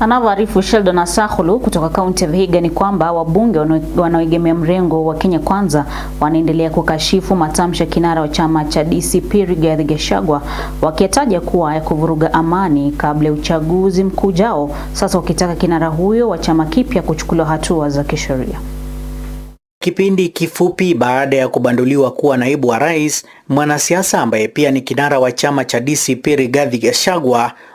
Anavyoarifu Sheldon Asahulu kutoka kaunti ya Vihiga ni kwamba wabunge wanaoegemea mrengo wa Kenya Kwanza wanaendelea kukashifu matamshi ya kinara wa chama cha DCP Rigathi Gachagua wakiyataja kuwa ya kuvuruga amani kabla ya uchaguzi mkuu ujao, sasa wakitaka kinara huyo wa chama kipya kuchukuliwa hatua za kisheria. Kipindi kifupi baada ya kubanduliwa kuwa naibu wa rais, mwanasiasa ambaye pia ni kinara wa chama cha DCP Rigathi Gachagua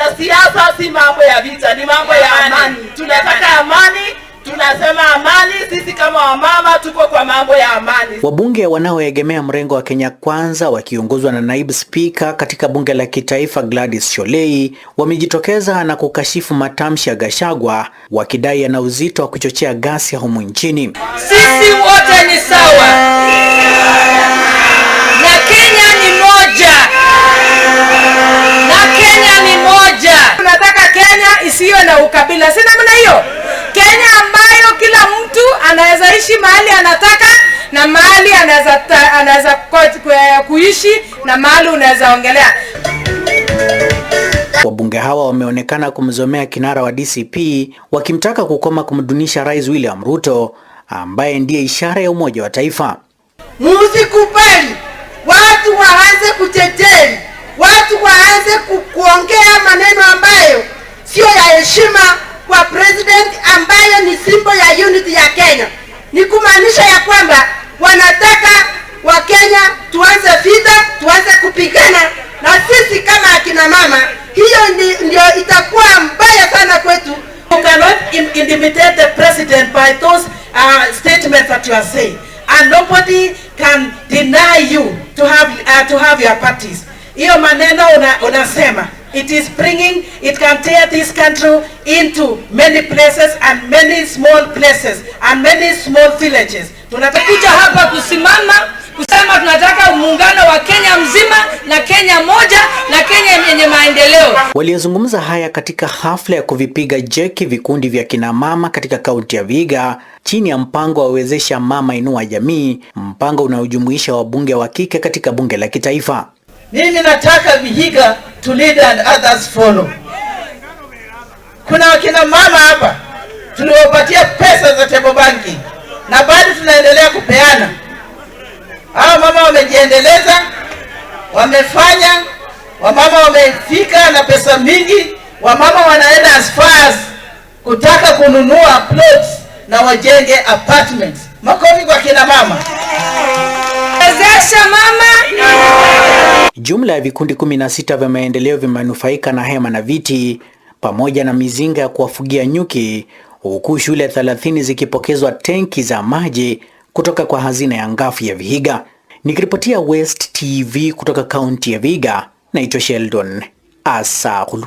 na siasa si mambo ya vita, ni mambo ya amani. Tunataka amani, tunasema amani. Sisi kama wamama tuko kwa mambo ya amani. Wabunge wanaoegemea mrengo wa Kenya Kwanza wakiongozwa na naibu spika katika bunge la kitaifa Gladys Sholei wamejitokeza na kukashifu matamshi ya gashagwa wakidai yana uzito wa kuchochea ghasia humu nchini. Sisi wote ni sawa anaishi mahali anataka na mahali anaweza anaweza kuishi na mahali unaweza ongelea. Wabunge hawa wameonekana kumzomea kinara wa DCP wakimtaka kukoma kumdunisha Rais William Ruto ambaye ndiye ishara ya umoja wa taifa. Musikubali watu waanze kuteteli, watu waanze kuongea maneno ambayo sio ya heshima kwa president, ambayo ni simbo ya unity ya Kenya ni kumaanisha ya kwamba wanataka Wakenya tuanze vita, tuanze kupigana. Na sisi kama akina mama, hiyo ndio itakuwa mbaya sana kwetu. You cannot intimidate the president by those uh, statements that you are saying and nobody can deny you to have, uh, to have your parties. Hiyo maneno una, unasema It is bringing, it can tear this country into many places and many small places and many small villages. Tunatakuja hapa kusimama kusema tunataka muungano wa Kenya mzima na Kenya moja na Kenya yenye maendeleo. Waliozungumza haya katika hafla ya kuvipiga jeki vikundi vya kina mama katika kaunti ya Vihiga chini ya mpango wa wezesha mama inua jamii, mpango unaojumuisha wabunge wa kike katika bunge la kitaifa. Mimi nataka Vihiga to lead and others follow. Kuna wakina mama hapa tuliwapatia pesa za table banking na bado tunaendelea kupeana. Hawa mama wamejiendeleza, wamefanya, wamama wamefika na pesa mingi. Wamama wanaenda as far as kutaka kununua plots na wajenge apartments. Makofi kwa kina mama. Wezesha mama Jumla ya vikundi 16 vya maendeleo vimenufaika na hema na viti pamoja na mizinga ya kuwafugia nyuki, huku shule 30 zikipokezwa tenki za maji kutoka kwa hazina ya ngafu ya Vihiga. Nikiripotia West TV kutoka kaunti ya Vihiga, naitwa Sheldon Asahulu.